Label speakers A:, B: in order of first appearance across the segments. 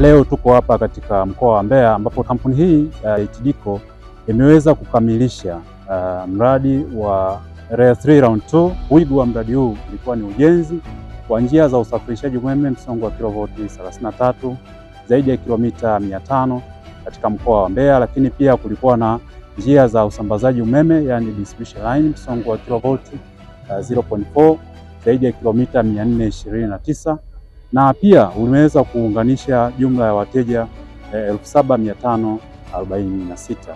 A: Leo tuko hapa katika mkoa wa Mbeya ambapo kampuni hii ya uh, eh, Itidiko imeweza kukamilisha uh, mradi wa REA 3 round 2. Wigo wa mradi huu ulikuwa ni ujenzi wa njia za usafirishaji umeme msongo wa kilovoti 33 zaidi ya kilomita 500 katika mkoa wa Mbeya, lakini pia kulikuwa na njia za usambazaji umeme yani distribution line msongo wa kilovoti uh, 0.4 zaidi ya kilomita 429 na pia umeweza kuunganisha jumla ya wateja 7546 eh, saba sita.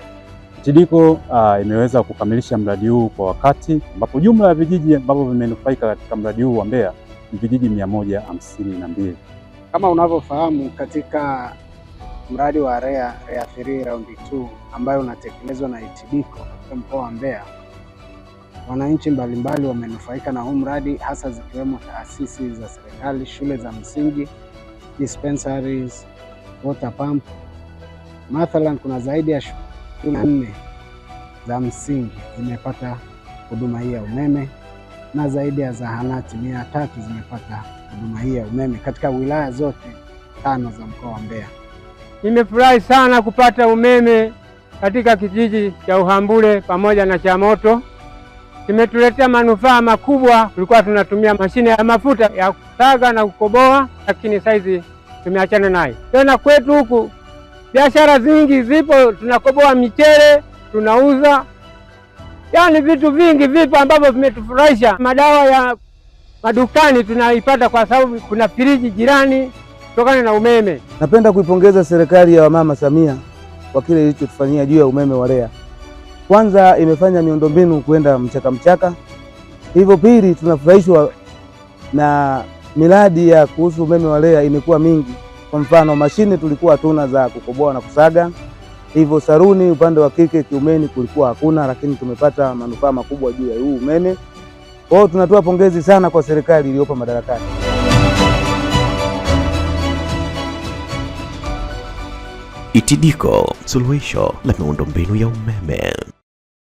A: uh, imeweza kukamilisha mradi huu kwa wakati ambapo jumla ya vijiji ambavyo vimenufaika katika mradi huu wa Mbeya ni vijiji mia na mbili.
B: Kama unavyofahamu katika mradi wa REA REA 3 raundi 2 ambayo unatekelezwa na TIDICO katika mkoa wa Mbeya Wananchi mbalimbali wamenufaika na huu mradi hasa zikiwemo taasisi za serikali, shule za msingi, dispensaries, water pump. Mathalan, kuna zaidi ya shule nne za msingi zimepata huduma hii ya umeme na zaidi ya zahanati mia tatu zimepata huduma hii ya umeme katika wilaya zote tano za mkoa wa Mbeya.
C: Nimefurahi sana kupata umeme katika kijiji cha Uhambule pamoja na cha Moto imetuletea manufaa makubwa. Tulikuwa tunatumia mashine ya mafuta ya kusaga na kukoboa, lakini saizi tumeachana nayo. Tena kwetu huku biashara zingi zipo, tunakoboa michele, tunauza, yaani vitu vingi vipo ambavyo vimetufurahisha. Madawa ya madukani tunaipata kwa sababu kuna firiji jirani kutokana na umeme.
D: Napenda kuipongeza serikali ya wamama Samia kwa kile ilichotufanyia juu ya umeme wa REA. Kwanza imefanya miundombinu kuenda mchaka mchaka, hivyo pili, tunafurahishwa na miradi ya kuhusu umeme wa REA imekuwa mingi. Kwa mfano, mashine tulikuwa hatuna za kukoboa na kusaga, hivyo saruni upande wa kike kiumeni kulikuwa hakuna, lakini tumepata manufaa makubwa juu ya huu umeme. Kwa hiyo tunatoa pongezi sana kwa serikali iliyopo madarakani. itidiko suluhisho la miundombinu ya umeme.